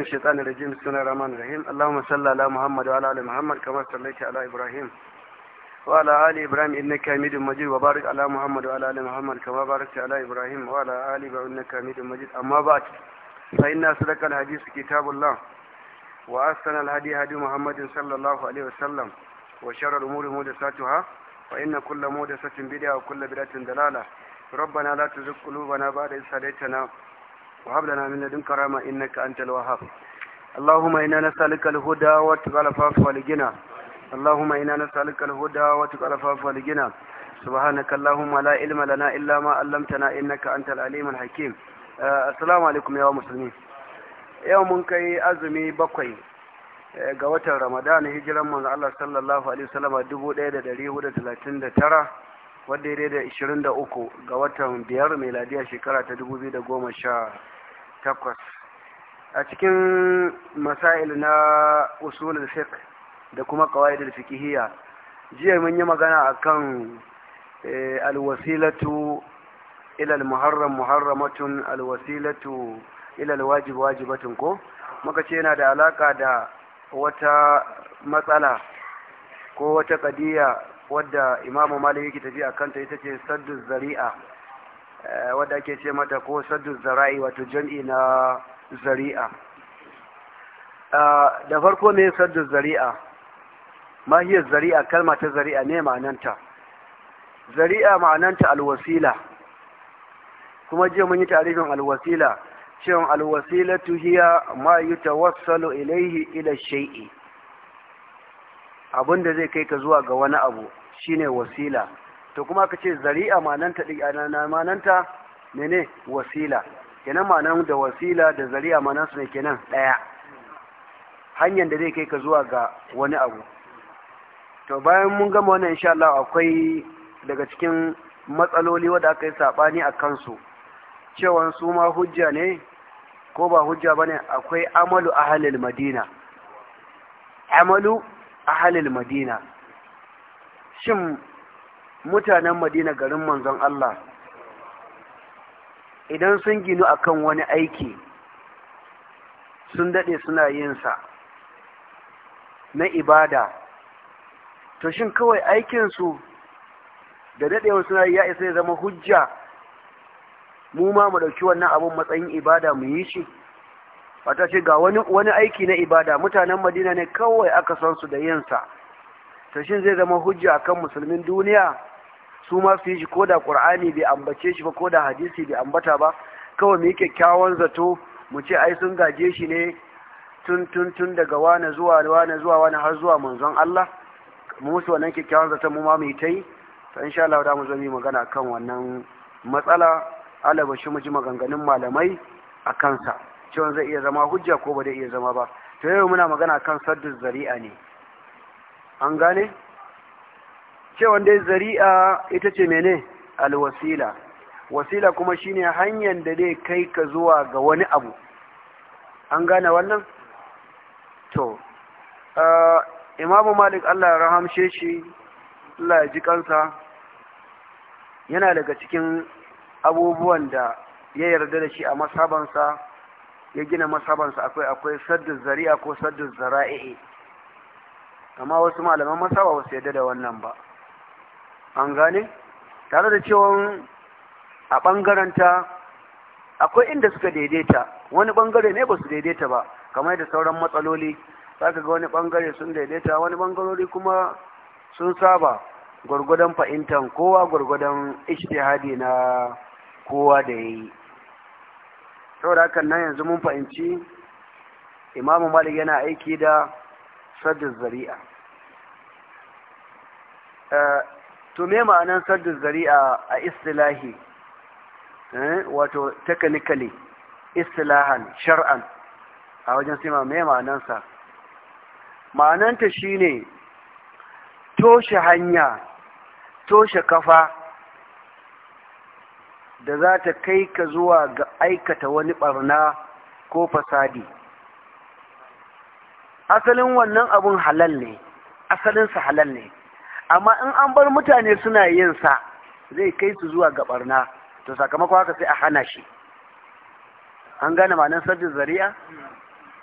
الشيطان الرجيم بسم الله الرحمن الرحيم اللهم صل على محمد وعلى ال محمد كما صليت على ابراهيم وعلى ال ابراهيم انك حميد مجيد وبارك على محمد وعلى ال محمد كما باركت على ابراهيم وعلى ال ابراهيم انك حميد مجيد اما بعد فان اصدق الحديث كتاب الله واحسن الهدي هدي محمد صلى الله عليه وسلم وشر الامور محدثاتها وان كل محدثه بدعه وكل بدعه ضلاله ربنا لا تزغ قلوبنا بعد إذ هديتنا وهب لنا من لدنك رحمة إنك أنت الوهاب اللهم إنا نسألك الهدى واتقى العفاف والغنى اللهم إنا نسألك الهدى واتقى العفاف والغنى سبحانك اللهم لا علم لنا إلا ما علمتنا إنك أنت العليم الحكيم السلام عليكم يا مسلمين yau mun kai azumi bakwai ga watan ramadan hijiran manzo Allah sallallahu alaihi wasallam 1439 wadda ya da 23 ga watan biyar meladiya shekara ta 2010 takwas a cikin masail na usulul fiqh da kuma qawaidul fiqhiyya jiya mun yi magana akan eh, alwasilatu ila almuharram muharramatun alwasilatu ila alwajib wajibatun ko muka ce yana da alaka da wata matsala ko wata qadiya wadda imamu malik yake tafi akan ta ita ce saddu zari'a Eh, wadda ake ce mata ko saddu zara'i wato jam'i na zari'a eh, da farko ne saddu zari'a mahiyar zari'a kalma ta zari'a ne ma'ananta zari'a ma'ananta alwasila kuma jiya mun yi tarihin alwasila cewa alwasilatu hiya ma yutawassalu ilaihi ila shay'i abinda zai kai ka zuwa ga wani abu shine wasila to kuma ka ce zari'a mananta mananta mene wasila kenan manan da wasila da zari'a manan su ne kenan Ɗaya. hanyar da zai kai ka zuwa ga wani abu to bayan mun gama wannan insha Allah akwai daga cikin matsaloli wanda aka yi sabani a kansu cewa su ma hujja ne ko ba hujja bane akwai amalu ahlil madina amalu ahlil madina shin mutanen madina garin manzon Allah idan sun ginu akan wani aiki sun daɗe suna yinsa na ibada to shin kawai aikinsu da daɗewa suna ya isa ya zama hujja mu ma mu ɗauki wannan abun matsayin ibada mu yi shi wata ce ga wani aiki na ibada mutanen madina ne kawai aka san su da yinsa to shin zai zama hujja akan musulmin duniya su ma su yi shi ko da qur'ani bai ambace shi ba ko da hadisi bai ambata ba kawai mu yi kyakkyawan zato mu ce ai sun gaje shi ne tun tun daga wane zuwa wane zuwa wane har zuwa manzon Allah mu musu wannan kyakkyawan zato mu ma mu yi ta yi to insha Allah da mu zo mu magana kan wannan matsala alaba shi mu ji maganganun malamai a kansa cewa zai iya zama hujja ko ba zai iya zama ba to yau muna magana kan saddu zari'a ne an gane cewan dai zari'a ita ce mene alwasila wasila kuma shine hanyar da zai kai ka zuwa ga wani abu an gane wannan to imamu malik allah ya rahamshe shi allah ya ji kansa yana daga cikin abubuwan da ya yarda da shi a masabansa ya gina masabansa akwai akwai saddu zari'a ko saddu zara'i amma wasu malaman masaba ba wasu yadda da wannan ba an gane tare da cewa a ɓangaranta akwai inda suka daidaita wani ɓangare ne ba su daidaita ba kamar da sauran matsaloli ka ga wani ɓangare sun daidaita wani ɓangarori kuma sun saba gwargwadon fahimtar kowa gwargwadon ishtihadi na kowa da ya yi saboda hakan nan yanzu mun fahimci imamu malik yana aiki da sadda zari'a eh, to me ma'anan sadda zari'a a istilahi eh, wato technically istilahan shar'an a wajen sima me ma'anansa ma'ananta shine toshe hanya toshe kafa da za ta kai ka zuwa ga aikata wani barna ko fasadi asalin wannan abun halal ne asalinsa halal ne amma in an bar mutane suna yin sa zai kai su zuwa ga barna to sakamakon haka sai a hana shi an gane ma'anar sabbin zari'a